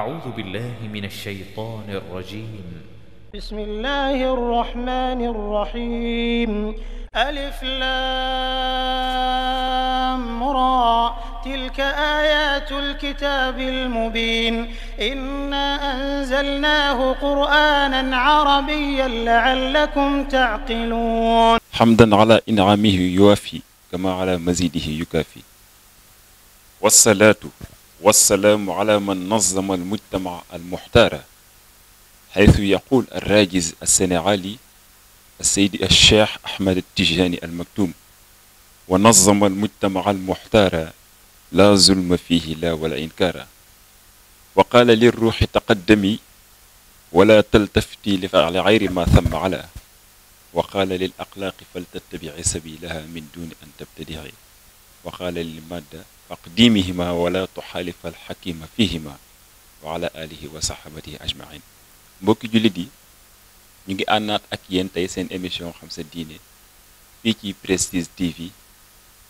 أعوذ بالله من الشيطان الرجيم بسم الله الرحمن الرحيم ألف لام را تلك آيات الكتاب المبين إنا أنزلناه قرآنا عربيا لعلكم تعقلون حمدا على إنعامه يوافي كما على مزيده يكافي والصلاة والسلام على من نظم المجتمع المحتار حيث يقول الراجز السنعالي السيد الشيخ أحمد التجاني المكتوم ونظم المجتمع المحتار لا ظلم فيه لا ولا إنكار وقال للروح تقدمي ولا تلتفتي لفعل غير ما ثم على وقال للأخلاق فلتتبعي سبيلها من دون أن تبتدعي وقال للمادة تقديمهما ولا تحالف الحكيم فيهما وعلى آله وصحبه أجمعين بوك جلدي نيجي أنات أكيان تيسين إميشون خمسة ديني فيكي بريستيز تي في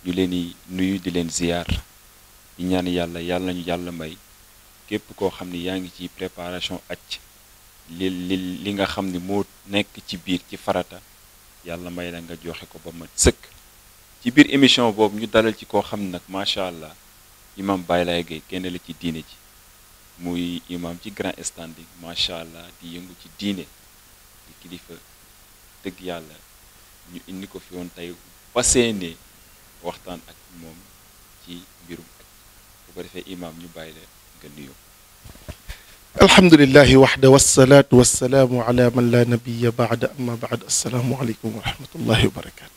نيولني نيو دلين زيار نيان يالا يالا نيو يالا ماي كيف كو خمني يانجي تي بريباراشون أتش لينغا خمني موت نيك تي بير تي فراتا يالا ماي لنغا جوخي كو بمت سك ci biir émission boobu ñu dalal ci koo xam nag macha allah imam baylay gay kenn la ci diine ci muy imam ci grand standing macha allah di yëngu ci diine di kilifa dëgg yàlla ñu indi ko fi woon tey ne waxtaan ak moom ci mbirum ak bu ko defee imam ñu bàyyi la nga nuyu الحمد لله وحده والصلاة والسلام على من لا نبي بعد أما بعد السلام عليكم ورحمة الله وبركاته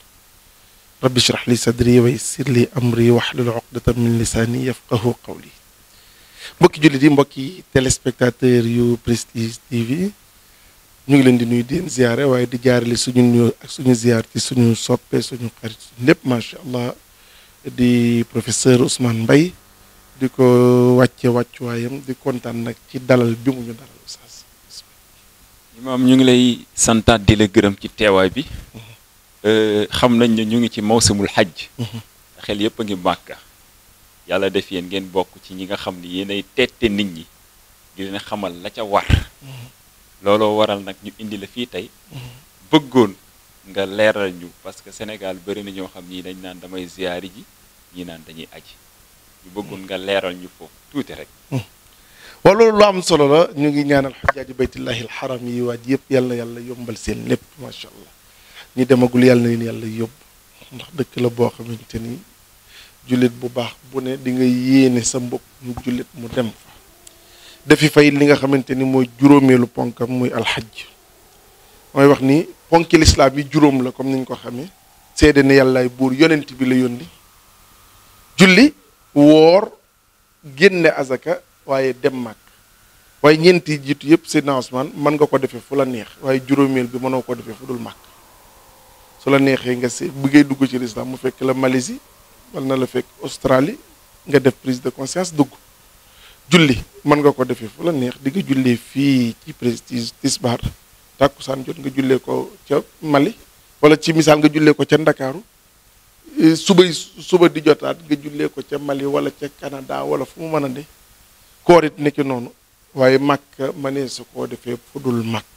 ربي اشرح لي صدري ويسر لي امري واحلل عقدة من لساني يفقه قولي بوك جولدي بوك تيلي سبيكتاتور يو بريستيج تي في نيغي لين دي نوي دين زياره واي دي جار لي سونو نيو اك سونو زيارتي سونو سوبي سونو خريت نيب ما شاء الله دي بروفيسور عثمان باي ديكو واتي واتي وايام دي كونتان نك سي دالال بي مو نيو دالال استاذ امام نيغي لاي سانتا دي لي غرم سي تيواي بي xam nañ ne ñu ngi ci mawsimul xaj xel yëpp a ngi màkka yàlla def yéen ngeen bokk ci ñi nga xam ni yéenay tette nit ñi di leen xamal la ca war looloo waral nag ñu indi la fii tey bëggoon nga leeral ñu parce que Sénégal bëri na ñoo xam ñii dañ naan damay ziyaari ji ñii naan dañuy aji ñu bëggoon nga leeral ñu foofu tuuti rek waaw loolu lu am solo la ñu ngi ñaanal xujaaji baytillahi alxaram yi waaj yëpp yàlla yàlla yombal seen lépp macha allah ñi demagul yàlla na leen yàlla ndax dëkk la boo xamante ni jullit bu baax bu ne di nga yéene sa mbokk mu jullit mu dem fa defi fay li nga xamante ni mooy juróomeelu ponkam muy alxaj mooy wax ni ponki lislaam yi juróom la comme niñ ko xamee seede ne ay buur yonent bi la yónni julli woor génne azaka waaye dem màkk waaye ñeenti jiitu yëpp Seydina Ousmane man nga ko defee fu la neex waaye juróomeel bi mënoo ko defee fu dul màkk su la neexee nga seet buggee dugg ci l'islam mu fekk la Malaisie wala na la fekk Australie nga def prise de conscience dugg julli mën nga ko defee fu la neex di nga jullee fii ci prestige tisbaar tàkkusaan jot nga jullee ko ca Mali wala ci misaal nga jullee ko ca Ndakaaru eh, suba suba di jotaat nga jullee ko ca Mali wala ca Canada wala fu mu mën a de koorit nekki noonu waaye màkk mënee su koo defee fudul màkk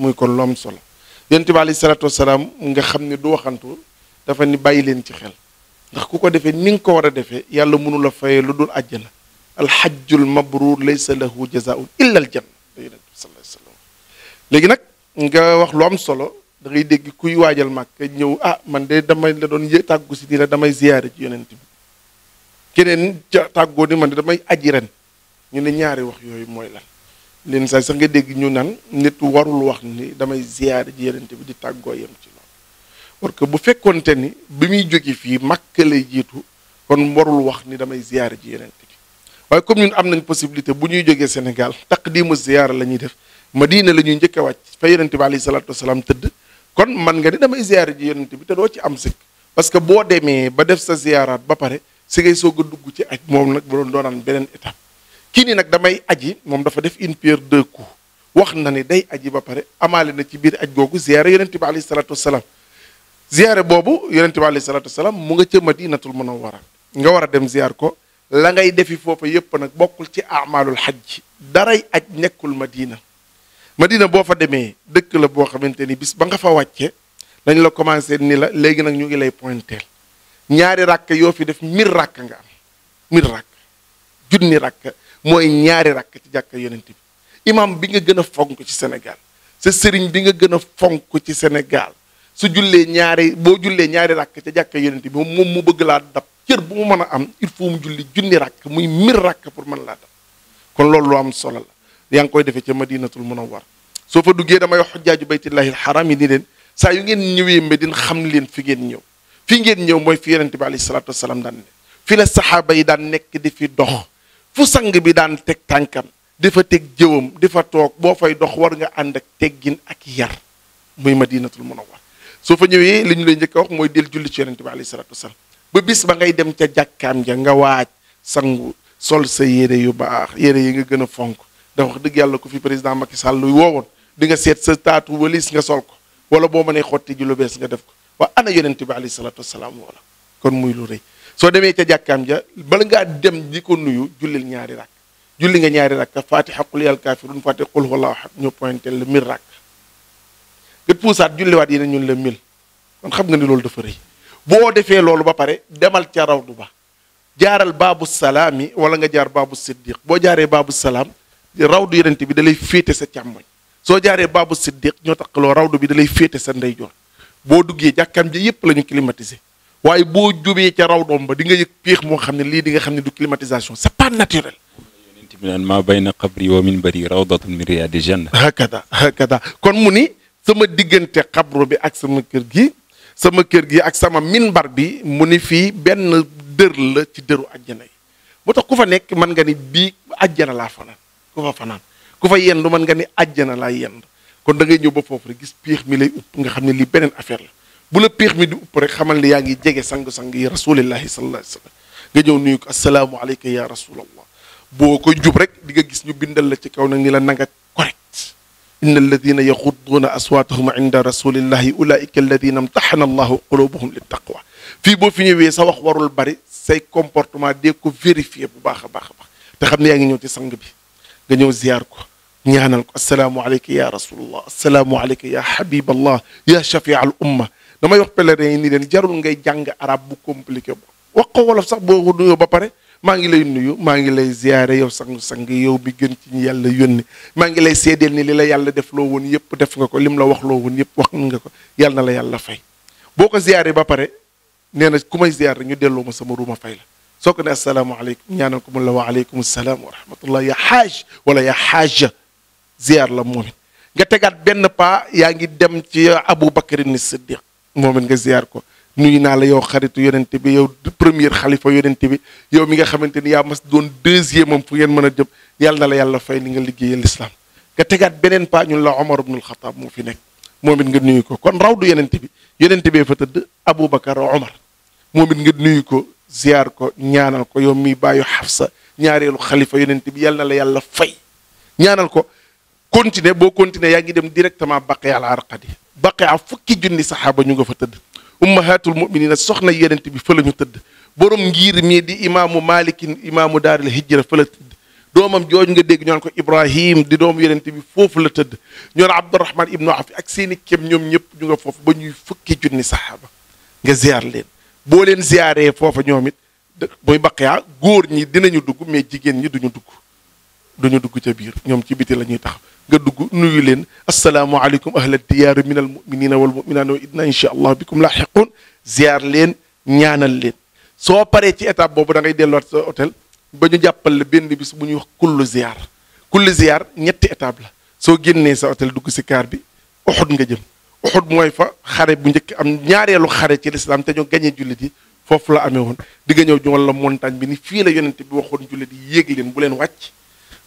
muy ko lom solo yonent bi alayhi salaatu wasalaam nga xam ne du waxantu dafa ni bàyyi leen ci xel ndax ku ko defee ni nga ko war a defee yàlla mënu la fayee lu dul àjjana alxajjul mabruur laysa lahu jazaun illa al janna yonent bi sallallahu alayhi léegi nag nga wax lu am solo dangay dégg kuy waajal Màkka ñëw ah man de damay la doon yë tàggu si nii la damay ziyaare ci yonent bi keneen ca tàggoo ni man de damay aji ren ñu ne ñaari wax yooyu mooy lan leen saa sax nga dégg ñu naan nit warul wax ni damay ziyaare ji yonent bi di tàggoo yem ci loolu parce que bu fekkonte ni bi muy jógee fii Makka lay jiitu kon warul wax ni damay ziyaare ji yonent bi waaye comme ñun am nañ possibilité bu ñuy jógee Sénégal taqdimu ziyaara la ñuy def Madina la ñuy njëkk a wàcc fa yonent bi tëdd kon man nga ni damay ziyaare ji bi te doo ci am sikk parce que boo demee ba def sa ziyaaraat ba pare si ngay soog a dugg ci aj moom nag bu doon doonaan beneen étape kii nii nag damay aji mom dafa def une pierre deux coups wax na ni day aji ba pare amale na ci bir aji gogu ziyaare yaronte bi alayhi salatu wasalaam ziyaare bobu yaronte bi alayhi salatu wasalaam mu nga ci madinatul munawwara nga wara dem ziyar ko la ngay defi foofa yep nak bokul ci amalul hajj daray aj nekul madina madina bo fa deme dëkk la bo xamanteni bis ba nga fa wàcce lañ la commencé ni la léegi nak ñu ngi lay pointeel ñaari rak yo fi def mir rak nga mir rak junni rak mooy ñaari rakk ci jàkka yonent bi imam bi nga gën a fonk ci Sénégal sa sëriñ bi nga gën a fonk ci senegaal su jullee ñaari boo jullee ñaari rakk ca jàkka yonent bi moom mu bëgg laa dab cër bu mu mën a am il faut mu julli junni rakk muy mir rakk pour man laa dab kon loolu lu am solo la yaa ngi koy defee ca madinatul munawwar soo fa duggee damay wax xujjaaju baytillahi alxaram yi ni leen saa yu ngeen ñëwee Medine xam leen fi ngeen ñëw fii ngeen ñëw mooy fi yonent bi alayhi salaatu wasalaam daan ne yi daan nekk di fi dox fu sang bi daan teg tànkam fa teg jëwam dafa toog boo fay dox war nga ànd ak teggin ak yar muy madinatul munawwar soo fa ñëwee li ñu lay njëkk a wax mooy del julli ci yonente bi alayhi salatu ba bis ba ngay dem ca jàkkaam ja nga waaj sangu sol sa yére yu baax yére yi nga gën a fonk da wax yàlla ko fi président Macky Sall luy di nga seet sa walis nga sol ko wala boo mënee xotti ji lu bees nga def ko waa ana yonente bi alayhi salatu wasalaam wala kon muy lu rëy soo demee ca jàkkaam ja bala ngaa dem di ko nuyu jullil ñaari rakk julli nga ñaari rakk faatiha qul yal kaafiruun faatiha qul huwallahu ahad ñu pointé la mille rakk nga puusaat julliwaat yi ne ñun la mille kon xam nga ni loolu dafa rëy boo defee loolu ba pare demal ca rawdu ba jaaral baabu salaam yi wala nga jaar baabu siddiq boo jaaree baabu salaam rawdu yonent bi da lay féete sa càmmoñ soo jaaree baabu siddiq ñoo taqaloo rawdu bi da lay féete sa ndeyjoor boo duggee jàkkaam ji yépp la ñu climatisé waaye boo jubee ca raw doom ba di nga yëg piix moo xam ne lii di nga xam ne du climatisation c'est pas naturel yonent bi naan maa bayna xabri raw minbari rawdatun min riyaadi janna hakada hakada kon mu ni sama diggante xabru bi ak sama kër gi sama kër gi ak sama minbar bi mu ni fii benn dër la ci dëru àjjana yi moo tax ku fa nekk mën nga ni bii àjjana laa fanaan ku fa fanaan ku fa yendu mën nga ni àjjana laa yend kon da ngay ñëw ba foofu rek gis piix mi lay upp nga xam ne lii beneen affaire la bu la piix mi du upp rek xamal ni yaa ngi jege sang-sang yi rasulillahi sallallahu alayhi wasallam nga ñëw nuyu ko asalaamu aleyka ya rasulallah boo koy jub rek di nga gis ñu bindal la ci kaw nag ni la nanga correct inna alladina yaxuduuna aswaatahum inda rasulillahi ulaika alladina imtaxana allahu qulubahum li taqwa fii boo fi ñëwee sa wax warul bari say comportement dee ko vérifier bu baax a baax a baax te xam ne yaa ngi ñëw ci sang bi nga ñëw ziyaar ko ñaanal ko asalaamu aleyka ya rasulallah asalaamu aleyka ya habiballah ya shafia al damay wax pèlerin yi ni leen jarul ngay jàng arab bu compliqué ba wax ko wolof sax boo ko nuyoo ba pare maa ngi lay nuyu maa ngi lay ziyaare yow sax sang-sang yow bi gën ci ñu yàlla yónni maa ngi lay seedeel ni li la yàlla def loo woon yëpp def nga ko lim la wax loo woon yëpp wax nga ko yàlla la yàlla fay boo ko ziyaare ba pare nee na ku may ziyaare ñu delloo ma sama ruuma fay la soo ko ne asalaamaaleykum ñaanal ko mun la wa aleykum salaam wa rahmatullah ya xaaj wala ya xaaja ziyaar la moom nga tegaat benn paa yaa ngi dem ci Abu Bakar ni moom nga ziar ko nuyu na la yow xaritu yonente bi yow première xalifa yonente bi yow mi nga xamanteni ya mas don deuxième am fu ngeen meuna a yal na la yàlla fay ni nga liggey l'islam nga tegat benen pa ñun la Omar ibn al-khattab mo fi nek momit nga nuyu ko kon rawdu du bi yonente bi fa tëdd bakkar Omar momit nga nuyu ko ziar ko ñaanal ko yow mi bayu hafsa ñaarelu khalifa yonente bi yal na la yàlla fay ñaanal ko continuer bo continuer yaa dem directement baqi al arqadi baqi a fukki junni sahaba ñu nga fa teud ummahatul muminina soxna te bi fa la ñu tëdd borom ngir mi di imaamu malikin imaamu daaril hijra fa la tëdd doomam jooju nga deg ñoon ko ibrahim di yenen te bi fofu la tëdd ñoon abdurrahman ibn af ak seen kem ñom ñep ñu nga fofu ba ñuy fukki junni sahaba nga ziar leen bo leen ziaré fofu ñomit moy baqiya góor ñi dinañu dugg mais jigen ñi duñu dugg duñu dugg ca biir ñoom ci biti la ñuy tax nga dugg nuyu leen asalaamualeykum ahla diyaari min al muminina wal muminaat wa idna incha allah bikum laaxiqun ziar leen ñaanal leen soo paree ci étape boobu da ngay delluwaat sa hôtel ba ñu jàppal la benn bis bu ñuy wax kullu ziar kullu ziar ñetti étape la soo génnee sa hôtel dugg si kaar bi uxut nga jëm uxut mooy fa xare bu njëkk am ñaareelu xare ci lislaam te ñoo gañee jullit yi foofu la amee woon di nga ñëw joxoon la montagne bi ni fii la yonente bi waxoon jullit yi yéeg leen bu leen wàcc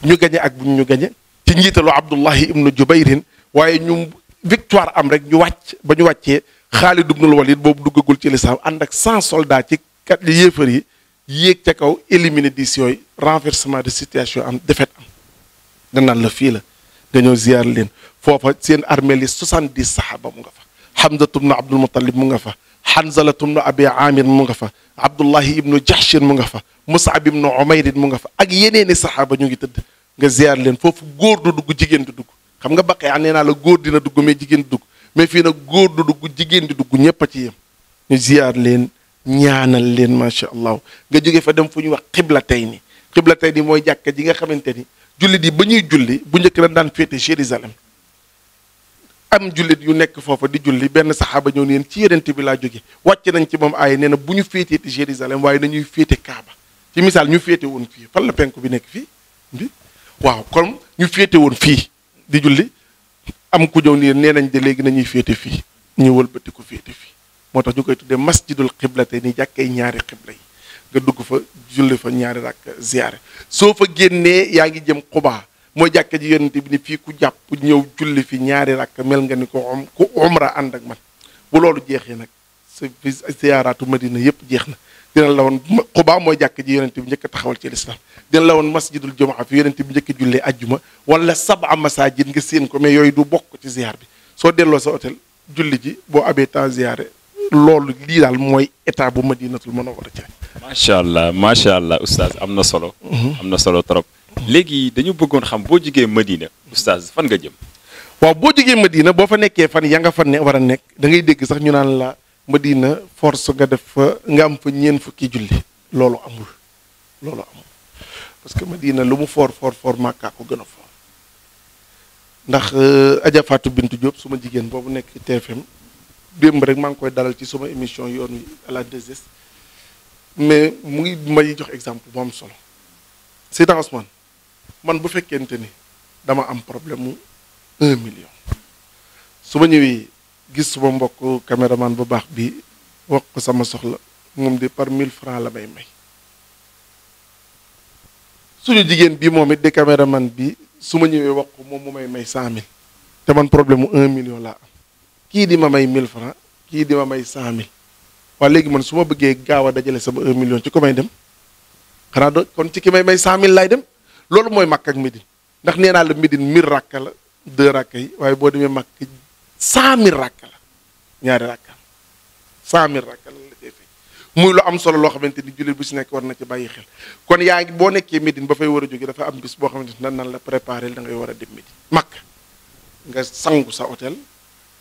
ñu gañe ak buñ ñu gañe ci njiitalu Abdullahi ibnu Jubayrin waaye ñu victoire am rek ñu wàcc ba ñu wàccee Xaalid ibnul Walid boobu duggagul ci lislaam ànd ak cent soldats ci kat li yéefar yi yéeg ca kaw éliminer diis yooyu renversement de situation am défaite am danaan la fii la nga ñëw ziar leen foofa seen armée li soixante-dix mu nga fa Hamzatu bnu Abdul Muttalib mu nga fa Hanzalatu bnu Abi Amir mu nga fa Abdullahi ibnu Jahshin mu nga fa Musab ibnu Umayr mu nga fa ak yeneeni saxaaba ñu ngi tëdd nga ziar leen foofu góor du dugg jigéen di dugg xam nga baqee am ah, nee naa la góor dina dugg mais jigéen di dugg mais fii nag góor du dugg jigéen di dugg ñépp a ci yem ñu ziar leen ñaanal leen macha allah nga jóge fa dem fu ñuy wax xibla tey nii xibla tey ni mooy jàkka ji nga xamante ni jullit yi ba ñuy julli bu njëkk la daan féete Jérusalem am jullit yu nekk foofa di julli benn saxaaba ñëw neen ci yonent bi laa jóge wàcc nañ ci moom aay nee na bu ñu féetee Jérusalem waaye nañuy féete Kaaba ci misaal ñu féete woon fii fan penku bi nekk fii waaw kon ñu féete woon fii di julli am ku ñëw nii nee nañ di léegi nañuy féete fii ñu wëlbati ko féete fii moo tax ñu koy tuddee masjidul xiblate ni jàkkee ñaari xibla yi nga dugg fa julli fa ñaari rakk ziyaare soo fa génnee yaa ngi jëm xubaa mooy jàkke ji yonente bi ni fii ku jàpp ñëw julli fi ñaari rakk mel nga ni ko om um, ku umra ànd ak man bu loolu jeexee nag sa ziyaaraatu madina yépp jeex na dina la woon xubaa mooy jàkk ji yonente bi njëkk a taxawal ci lislam dina la woon masjidul jumaa fi yonente bi njëkk a jullee ajjuma wala saba masajid nga séen ko mais yooyu du bokk ci ziar bi soo delloo sa hôtel julli ji boo abee temps loolu lii daal mooy état bu madinatul munawwara ci macha allah macha allah oustaz am na solo mhm. am na solo trop léegi dañu bëggoon xam boo jigee madina oustaz fan nga jëm waaw boo jigee madina boo fa nekkee fan ya nga fan ne war a nekk da ngay dégg sax ñu naan la Medina force nga def fa nga am fa ñeen fukki julli lolu amul lolu amul parce que Medina lu mu for for for makka ko gëna a for ndax euh, Adja Fatou Bintou Diop suma jigen bobu nek TFM dem rek mang koy dalal ci suma émission yoon yi à la 2 mais mu ngi may jox exemple bu am solo Seydina Ousmane man bu fekkente ni dama am problème 1 million suma ma gis suma mbokk man bu baax bi wax ko sama soxla moom de par mille francs la may may suñu jigéen bi moom it di man bi su ma ñëwee wax moom mu may may cent mille te man problème mu un million laa am kii di ma may mille francs kii di ma may cent mille waa léegi man su ma bëggee gaaw a dajale sama un million ci ko may dem xanaa do kon ci ki may may cent mille laay dem loolu mooy Makka ak Médine ndax nee la Médine mille rakka la deux rakka 100000 rakk la ñaari rakk la 100000 rakk la la muy lu am solo loo xamante ni bu si nekk war na ci bàyyi xel kon yaa ngi boo nekkee Médine ba fay war a jóge dafa am bis boo xamante nan nan la préparé da ngay war dem Médine mak nga sangu sa hôtel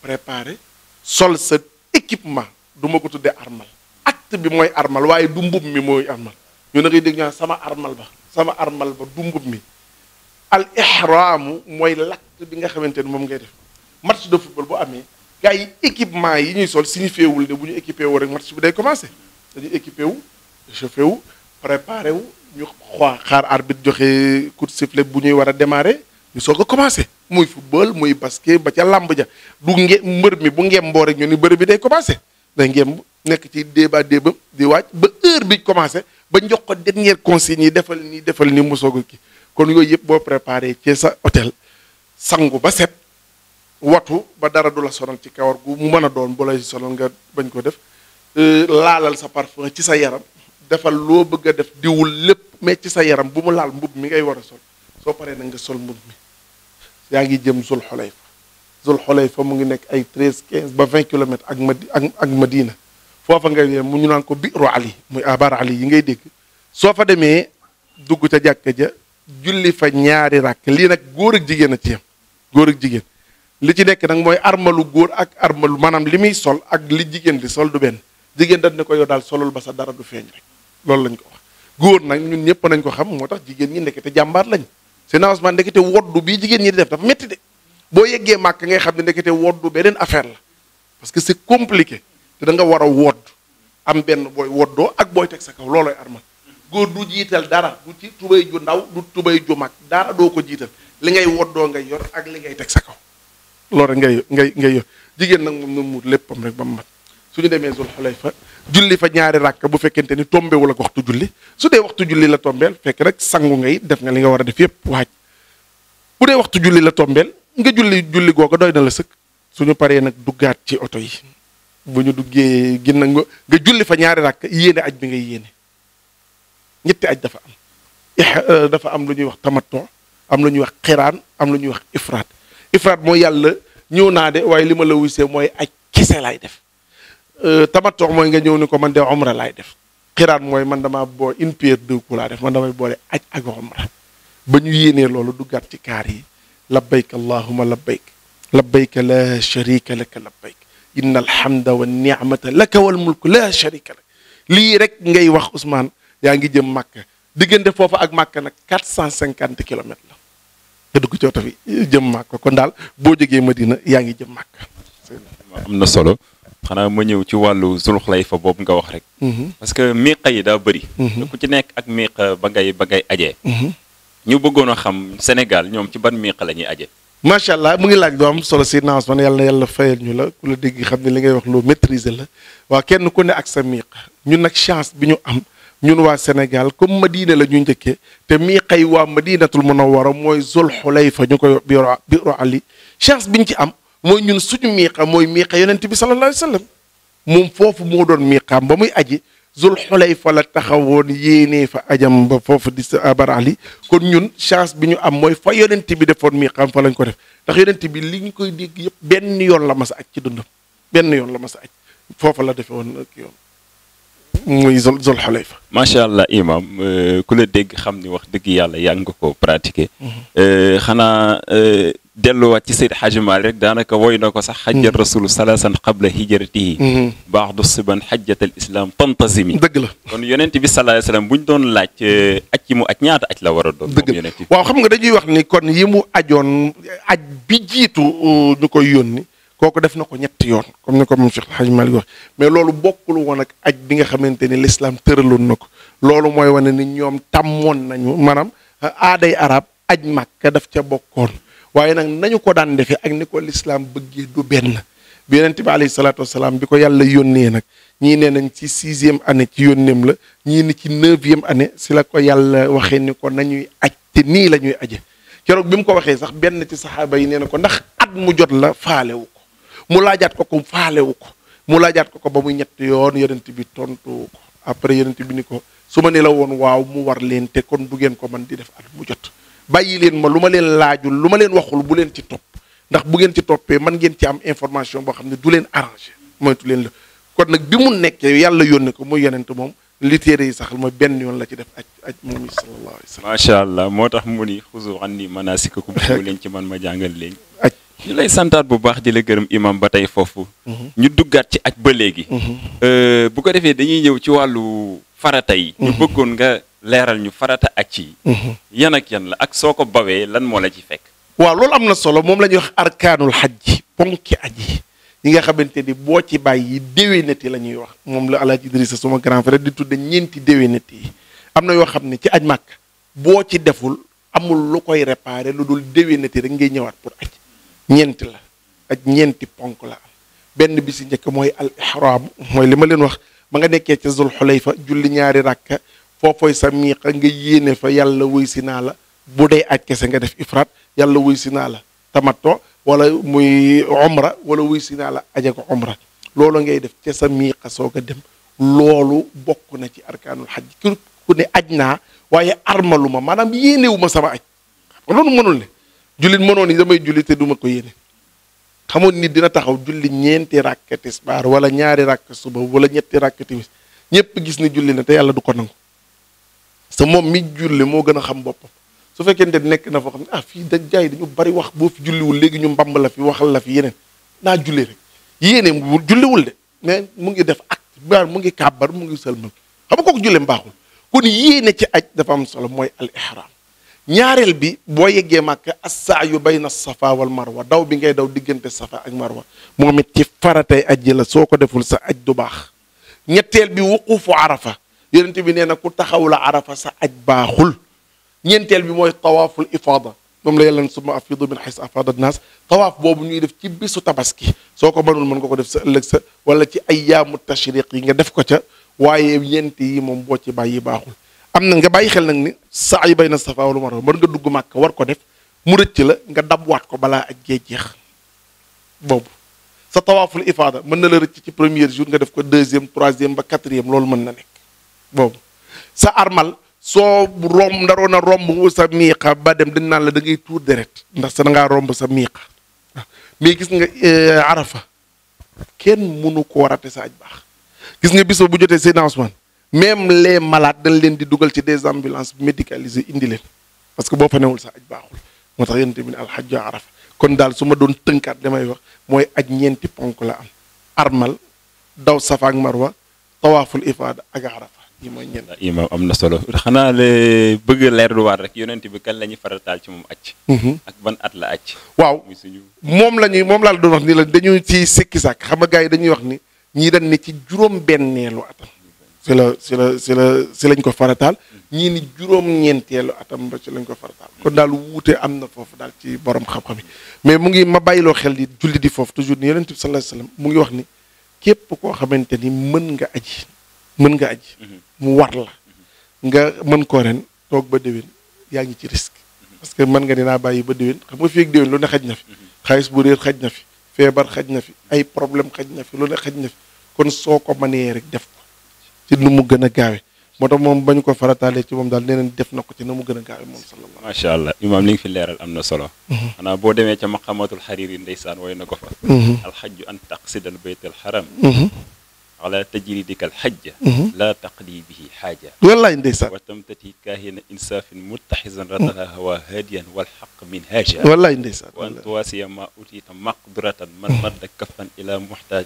prepare, sol sa équipement du ko armal acte bi mooy armal waaye du mbub mi mooy armal ñu da ngay ñaan sama armal ba sama armal ba du mbub mi al ihraamu mooy l'acte bi nga xamante ni ngay def match de football bu amé gaay équipement yi ñuy sol signifié wul né bu ñu équipé match bi day commencé équipé wu wu préparé wu ñu xaar arbitre le coup sifflet bu ñuy ñu soog commencé football muy basket ba ca lamb ja du mi bu ngem bo rek ñu ni bi day commencé day ngem Nous ci débat déba di ba heure bi commencé ba ko dernière consigne ni defal ni mu a kon yooyu yëpp boo préparé ci sa hôtel sangu watu ba dara dula sonal ci kawar gu mu meuna doon bu lay sonal nga bañ ko def e, laalal sa parfum ci sa yaram defal lo bëgg def diwul lepp mais ci sa yaram bu mu laal mbub mi ngay wara sol so pare na nga sol mbub mi yaa ngi jëm sul xulayfa sul xulayfa mu ngi nek ay 13 15 ba 20 km ak ak medina, fofa foofa nga yem mu ñu nan ko biiru ali muy abar ali yi ngay dégg so fa demee dugg ca jakka ja julli fa ñaari rak li nak goor ak jigen ci yam goor ak jigen li ci nekk nag mooy armalu góor ak armalu maanaam li muy sol ak li jigéen di sol du benn jigéen dañ ne ko yow daal solul ba sa dara du feeñ rek loolu lañ ko wax góor nag ñun ñëpp nañ ko xam moo tax jigéen ñi ndekete jàmbaar lañ seen Ousmane ndekete woddu bii jigéen ñi di def dafa métti de boo yeggee màkk ngay xam ne ndekete woddu beneen affaire la parce que c'est compliqué te da nga war a wodd am benn booy woddoo ak booy teg sa kaw loolooy armal góor du jiital dara du ci tubay ndaw du tubay ju mag dara doo ko jiital li ngay woddoo ngay yor ak li ngay teg sa kaw loolu ngay ngay ngay yor jigéen nag moom na muur léppam rek ba mu mat suñu demee zul fa julli fa ñaari ràkk bu fekkente ni tombé wul waxtu julli su dee waxtu julli la tombeel fekk rek sangu ngay def nga li nga war a def yépp waaj bu dee waxtu julli la tombeel nga julli julli googa doy na la sëkk suñu paree nag duggaat ci oto yi bu ñu duggee ginna nga nga julli fa ñaari ràkk yéene aj bi ngay yéene ñetti aj dafa am euh, dafa am lu ñuy wax tamatto am lu ñuy wax xiraan am lu ñuy wax ifraat ifrat mooy yàlla ñëw na de way lima la wuyse moy aj kese lay def euh tamatoox moy nga ñëw ni ko man de omra lay def xiraat moy man dama bo une pierre de coula def man dama boole aj ak omra ba ñu yéné lolu du gatti kar yi labbayk allahumma labbayk labbayk la sharika lak labbayk ان الحمد والنعمه لك والملك لا شريك لك لي رك غي واخ عثمان ياغي جيم مكه ديغنت فوفا اك مكه 450 كيلومتر nga dugg ci oto bi jëm màkk kon daal boo jógee Madina yaa ngi jëm màkk. am na solo xanaa ma ñëw ci wàllu Zulxulayfa boobu nga wax rek. Mhm. parce que miiqa yi daa bëri. Mhm. ku ci nekk ak miiqa ba ngay ba ngay ajee. Mhm. ñu bëggoon a xam Sénégal ñoom ci ban miiqa la ñuy ajee. macha allah mu ngi laaj bu am solo si naas man yàlla na yàlla fayal ñu la ku la dégg xam ne li ngay wax loo maîtriser la waa kenn ku ne ak sa miiqa ñun nag chance bi ñu am. ñun wa Sénégal comme medina la ñu njëkkee te mi xëy wa Madinatul Munawwara moy Zul hulayfa ñu koy biro biro Ali chance biñ ci am moy ñun suñu mi moy mi miiqa yonent bi sallallahu alayhi wasallam sallam fofu mo doon mi xam ba muy aji Zul hulayfa la taxawoon yene fa ajam ba fofu di sa ali kon ñun chance biñu am moy fa yonent bi defon mi xam fa lañ ko def ndax yonent bi liñ koy dégg yëpp ben yoon la mas a aj ci dundam ben yoon la mas a aj foofa la defewon ak yoon muy zul zul xuleyfa macha allah imam ku la dégg xam ni wax dëgg yàlla yaa nga ko pratiquer xanaa delluwaat ci Seyd Xaaji Maalik rek daanaka woy na ko sax xajja rasulu salaasan qabla hijratihi baax du siban xajjatal islam tantazimi dëgg la kon yonent bi salaa salaam bu ñu doon laaj aj yi mu aj ñaata aj la war a doon dëgg la waaw xam nga dañuy wax ni kon yi mu ajoon aj bi jiitu ñu koy yónni kooku def na ko ñetti yoon comme ni ko moom Cheikh Alhaji Malick wax mais loolu bokkul woon ak aj bi nga xamante ni lislaam tëraloon na ko loolu mooy wane ni ñoom tàmmoon nañu maanaam aaday arab aj màkka def ca bokkoon waaye nag nañu ko daan defee ak ni ko lislaam bëggee du benn bi yonent bi alayhi salaatu wasalaam bi ko yàlla yónnee nag ñii nee nañ ci sixième année ci yónneem la ñii ni ci neuvième année si la ko yàlla waxee ni ko nañuy aj te nii la ñuy aje keroog bi mu ko waxee sax benn ci saxaaba nee na ko ndax at mu jot la faalewu mu laajaat ko ko faalewu ko mu laajaat ko ko ba mu ñett yoon yonent bi tontu ko après yonent bi ni ko su ma ne la woon waaw mu war leen te kon du ngeen ko man di def at mu jot bàyyi leen ma lu ma leen laajul lu ma leen waxul bu leen ci topp ndax bu ngeen ci toppee man ngeen ci am information boo xam ne du leen arrangé moytu leen la kon nag bi mu nekkee yàlla yoon ne ko muy yonent moom li téere yi saxal ma benn yoon la ci def aj aj moom sallallahu alayhi wa sallam macha allah moo tax mu ni xusu anni manasikakum leen ci man ma jàngal leen aj ñu lay santaat bu baax di la gërëm imam ba tey foofu. Mhm. ñu duggaat ci aj ba léegi. Mhm. Euh, bu ko defee dañuy ñëw ci wàllu farata yi. ñu mhm. bëggoon nga leeral ñu farata ak yi. yan ak yan la ak soo ko bawee lan moo la ci fekk. waaw loolu am na solo moom la ñuy wax arkaanul xaj ponki aj yi ñi nga xamante ni boo ci bàyyi déwénati la ñuy wax moom la Alaaji sa suma grand frère di tudde ñeenti déwénati yi am na yoo xam ne ci aj màkk boo ci deful amul lu koy réparé lu dul déwénati rek ngay ñëwaat pour aj ñeent la ak ñeenti ponk la benn bi si njëkk mooy al mooy li ma leen wax ba nga nekkee ca zul fa julli ñaari rakka foofooy sa miiqa nga yéene fa yàlla wuy si naa la bu dee ak kese nga def ifraat yàlla wuy si naa la tamato wala muy omra wala wuy si la aj ak omra loolu ngay def ca sa miiqa soog a dem loolu bokk na ci arkaanul xaj ku ne aj naa waaye armalu ma maanaam yéenewu ma sama aj xam nga loolu mënul ne jullit mënoon ni damay julli te duma ko yéene xamoon nit dina taxaw julli ñeenti ràkk tisbaar wala ñaari ràkk suba wala ñetti ràkk timis ñépp gis ni julli na te yàlla du ko nangu sa moom mi julli moo gën a xam boppam su fekkente nekk na foo xam ne ah fii da jaay dañu bari wax boo fi julliwul léegi ñu mbamb la fi waxal la fi yeneen naa julli rek yéene julliwul de mais mu ngi def acte baar mu ngi kàbbar mu ngi sëlmal xam nga kooku mbaaxul kon yéene ci dafa am solo mooy al ihram ñaarel bi boo yeggee màkk assaa yu bayna safa wal marwa daw bi ngay daw diggante safa ak marwa moom it ci faratay aj ji la soo ko deful sa aj du baax ñetteel bi wuqufu arafa yonent bi nee na ku taxaw la arafa sa aj baaxul ñeenteel bi mooy tawaaful ifada moom la yàlla summa afidu min xaysu afaada naas tawaf boobu ñuy def ci bisu tabaski soo ko mënul mën nga ko def sa ëllëg sa wala ci ayyaamu tashriq yi nga def ko ca waaye ñeenti yi moom boo ci bàyyi baaxul am na nga bàyyi xel nag ni sa ay bay na safa wal marwa mën nga dugg màkk war ko def mu rëcc la nga dabwaat ko balaa ak gee jeex boobu sa tawaaful ifaada mën na la rëcc ci premier jour nga def ko deuxième troisième ba quatrième loolu mën na nekk boobu sa armal soo romb ndaroon a romb sa miiqa ba dem dañ naan la da ngay deret ndax sa da ngaa romb sa miiqa ah, mais gis nga euh, arafa kenn mënu ko warate sa aj baax gis nga bis bu jotee Seydina Ousmane même les malades dañ leen di dugal ci des ambulances médicalisées indi leen parce que boo fa newul sax aj baaxul moo tax yéen tamit alxajju arafa kon daal su ma doon tënkaat damay wax mooy aj ñeenti ponk la am armal daw safa ak marwa tawaaful ifaada ak arafa yi mooy ñeent imaam am na solo xanaa le bëgg leerluwaat rek yonent bi kan la ñuy farataal ci moom aj mhm. ak ban at la aj waaw moom la ñuy moom laa la doon wax ni la dañuy ci sikki sàkk xam nga gars yi dañuy wax ni ñii dañ ne ci juróom benneelu atam sila la sila la si la si lañ ko faratal ñi ni juroom ñentel atam ba ci lañ ko farataal kon daal wuute am na foofu ci borom xam-xam mais mu ngi ma bayilo xel di julli di fofu toujours ni yaronte sallallahu alayhi wasallam mu ngi wax ni kep ko xamanteni nga aji mën nga aji mhm. mu war la mhm. nga mën ko ren tok ba dewin yaa ngi ci risque mhm. parce que mën nga dina bayyi ba dewin xam nga fii ak lu ne xajna na fi xaalis bu réer xajna fi febar xajna fi ay problème xajna fi lu ne xajna fi kon soko mané rek def ci nu mu gën a gaawe moo tax moom bañ ko farataalee ci moom daal nee def na ko ci na mu gën a gaawe moom sallallahu macha allah imaam li nga fi leeral am na solo mhm. xanaa boo demee ca maqamatul xariir ndeysaan wooy na ko fa mhm. alxajju an taqsidal baytal على تجريدك الحج لا تقضي به حاجه والله ندسان وتمتتي كاهن انساف متحزا ردها هو هاديا والحق من هاجه والله ندسان وان تواسي ما اوتيت مقدره من مد كفا الى محتاج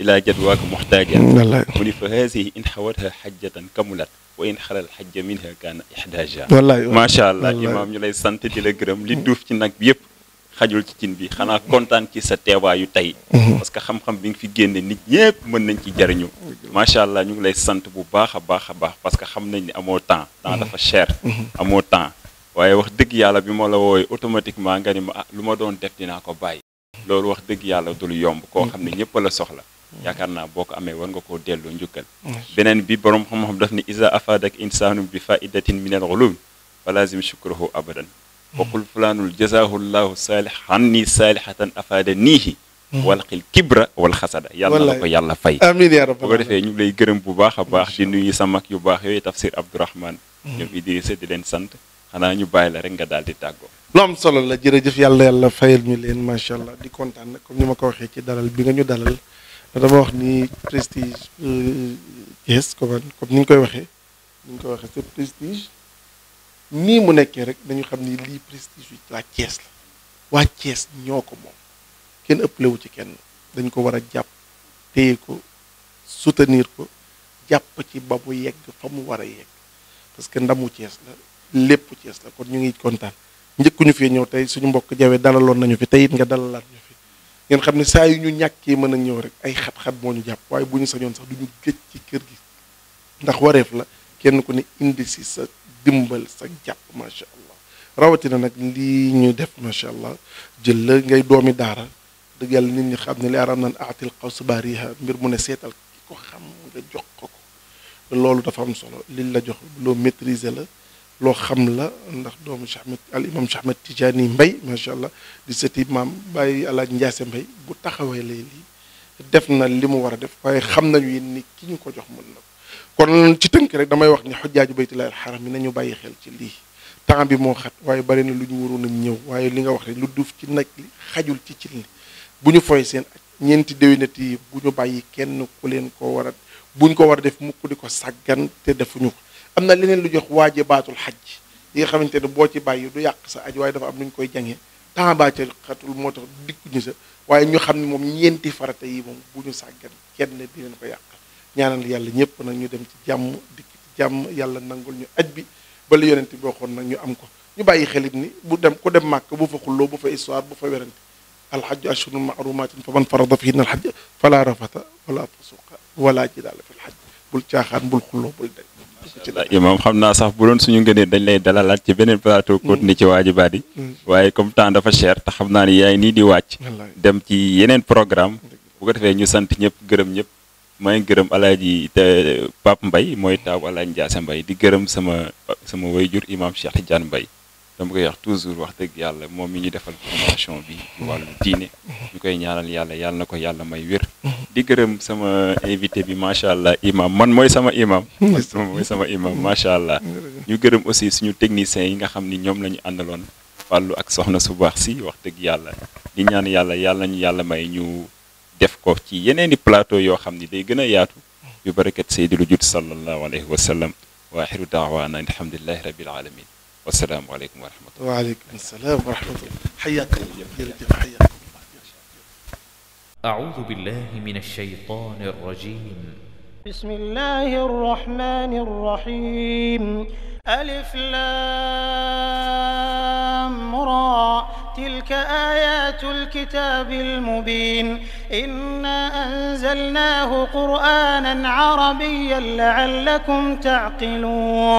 الى جدواك محتاجا والله ولف هذه ان حوتها حجه كملت وان خلى الحج منها كان احداجا والله ما شاء الله امام ني لاي سانتي لي بيب xajul ci cin bi xanaa kontaan ci sa teewaayu tey. parce que xam-xam bi nga fi génne nit ñëpp mën nañ ci jariñu. macha allah ñu ngi lay sant bu baax a baax a baax parce que xam nañ ni amoo temps. temps dafa cher. amoo temps waaye wax dëgg yàlla bi ma la wooyee automatiquement nga ni ma ah lu ma doon def dinaa ko bàyyi. loolu wax dëgg yàlla du lu yomb. koo xam ne ñëpp la soxla. yaakaar naa boo ko amee war nga koo delloo njukkal. beneen bi borom xam-xam daf ni isa afadak insaanu bi faidatin minal ulum falazim shukruhu abadan وقل فلان جزاه الله صالح عني صالحة أفادنيه ولق الكبر والخسد يلا الله يلا فاي امين يا رب وغادي في نيبلي غريم بو باخ باخ دي نوي سماك يو باخ يوي تفسير عبد الرحمن نيو ايدي سي دي لين سانت انا نيو باي لا رك غا دالدي تاغو لام نعم، صلو لا جيره يلا يلا فايل ما شاء الله دي كونتان كوم نيما كو وخي سي دالال بيغا نيو دالال دا ما وخ ني بريستيج اس نين كوي وخي نين كوي وخي سي nii mu nekkee rek dañu xam ni lii prestige yi waa Thiès la waa cees ñoo ko moom kenn ëpplewu ci kenn dañ ko war a jàpp téye ko soutenir ko jàpp ci ba mu yegg fa mu war a yegg parce que ndamu cees la lépp cees la kon ñu ngi kontaan njëkkuñu fee ñëw tey suñu mbokk jawee dalaloon nañu fi tey it nga dalalaat ñu fi ngeen xam ne saa yu ñu ñàkkee mën a ñëw rek ay xat-xat moo ñu jàpp waaye bu ñu sañoon sax du ñu gëj ci kër gi ndax wareef la kenn ku ne indi si dimbal sa jàpp macha allah rawatina nag lii ñu def macha allah jël la ngay doomi daara dëgg yàlla nit ñi xam ne li araam naan aatil xaw sabaariha mbir mu ne seetal ki ko xam nga jox ko ko loolu dafa am solo liñ la jox loo maîtriser la loo xam la ndax doomu Cheikh Ahmed al imam Cheikh Ahmed Tidiane Mbaye macha allah di seti maam bàyyi alaaj Njaase Mbaye bu taxawee lay lii def na li mu war a def waaye xam nañu yéen ni ki ñu ko jox mën na kon ci tënk rek damay wax ni xujjaaju baytullahi alxaram yi nañu bàyyi xel ci lii temps bi moo xat waaye bari na lu ñu waroon a ñëw waaye li nga wax rek lu duuf ci nag xajul ci cin li bu ñu foy seen ñeenti déwénati yi bu ñu bàyyi kenn ku leen ko war a buñ ko war a def mukk di ko sàggan te defuñu ko am na leneen lu jox waaje baatul xaj yi nga xamante ne boo ci bàyyi du yàq sa aj waaye dafa am lu koy jàngee temps baa ca xatul moo tax dikkuñu sa waaye ñu xam ne moom ñeenti farata yi moom bu ñu sàggan kenn di leen ko yàq ñaanal yàlla ñëpp nag ñu dem ci jàmm dikk ci jàmm yàlla nangul ñu aj bi ba li yonent bi nag ñu am ko ñu bàyyi xelit ni bu dem ku dem màkk bu fa xulloo bu fa histoire bu fa werante alxajju ashhurun maalumatin fa man farada fihinna alxajj fala rafata wala fusuqa wala jidaala fi lxajj bul caaxaan bul xulloo bul dem imaam xam naa sax bu doon suñu ngënee dañ lay dalalaat ci beneen plateau continue ci waajibaat yi mm. waaye comme temps dafa cher te xam naa ni yaay nii di wàcc dem ci yeneen programme bu ko defee ñu sant ñëpp gërëm ñëpp maa ngi gërëm alaaji te Pape mbay mooy taaw alaaji Ndiasse mbay di gërëm sama sama wayjur imam Cheikh Tidiane mbay dama koy wax toujours wax dëgg yàlla moom mi ñu defal formation bi ci wàllu diine ñu koy ñaanal yàlla yàlla na ko yàlla may wér di gërëm sama invité bi macha allah imam man mooy sama imam mooy sama imam macha allah ñu gërëm aussi suñu techniciens yi nga xam ni ñoom la ñu àndaloon wàllu ak soxna su baax si wax dëgg yàlla di ñaan yàlla yàlla nañu yàlla may ñu def ko ci yeneeni plateau yoo xam ni day gën a yaatu yu barakat saydi lu jut sallallahu alayhi wa sallam wa axiru daawaana alhamdulilahi rabil alamin wasalaamu aleykum wa rahmatullah waaleykum salaam wa rahmatullah xayaakallah jërëjëf xayaakallah أعوذ بالله من الشيطان الرجيم بسم الله الرحمن الرحيم ألف لام را تلك آيات الكتاب المبين إنا أنزلناه قرآنا عربيا لعلكم تعقلون